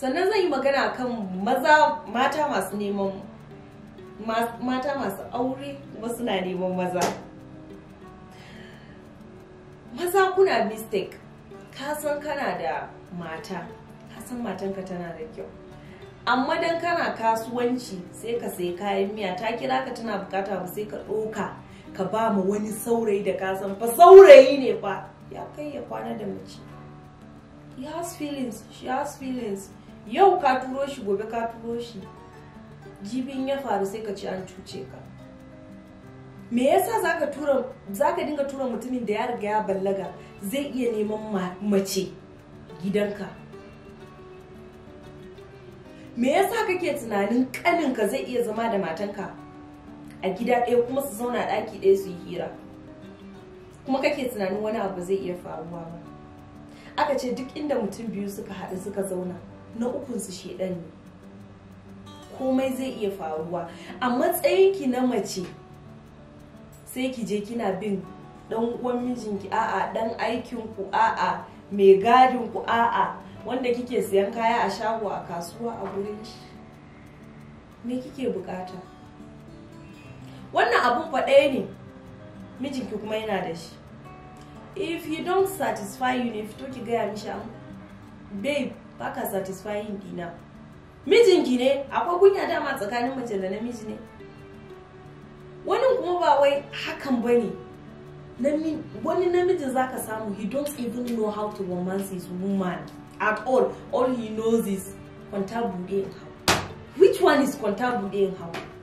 sannan zan yi magana kan maza mata masu neman mata masu aure wasu na neman maza maza kuna mistake ka san kana da mata ka san matanka tana da kyau amma dan kana kasuwanci sai ka sai kayan miya ta kira ka tana bukata ba sai ka ɗoka ka ba mu wani saurayi da ka san fa saurayi ne fa ya kai ya kwana da mace he has feelings she has feelings yau ka turo shi gobe ka turo shi jibin ya faru sai ka ci an cuce ka me yasa zaka tura zaka dinga tura mutumin da ya riga ya ballaga zai iya neman mace gidanka me yasa kake tunanin kaninka zai iya zama da matanka a gida ɗaya kuma su zauna ɗaki ɗaya su yi hira kuma kake tunanin wani abu zai iya faruwa ba aka ce duk inda mutum biyu suka haɗu suka zauna na ukun su shedan ne komai zai iya faruwa a ki na mace sai ki je kina bin dan uwan mijinki a'a dan aikin ku a'a mai gadin ku a'a wanda kike siyan kaya a shago a kasuwa a gurin shi me kike bukata wannan abun fa ne mijinki kuma yana da shi if you don't satisfy you ne fito ki gaya mishi babe baka ka satisfying dina mijinki ne akwai kunya dama tsakanin mace da namiji ne wani kuma ba wai hakan bane ne wani namiji zaka samu he don't even know how to romance his woman at all all he knows is kwanta bude in which one is kwanta bude in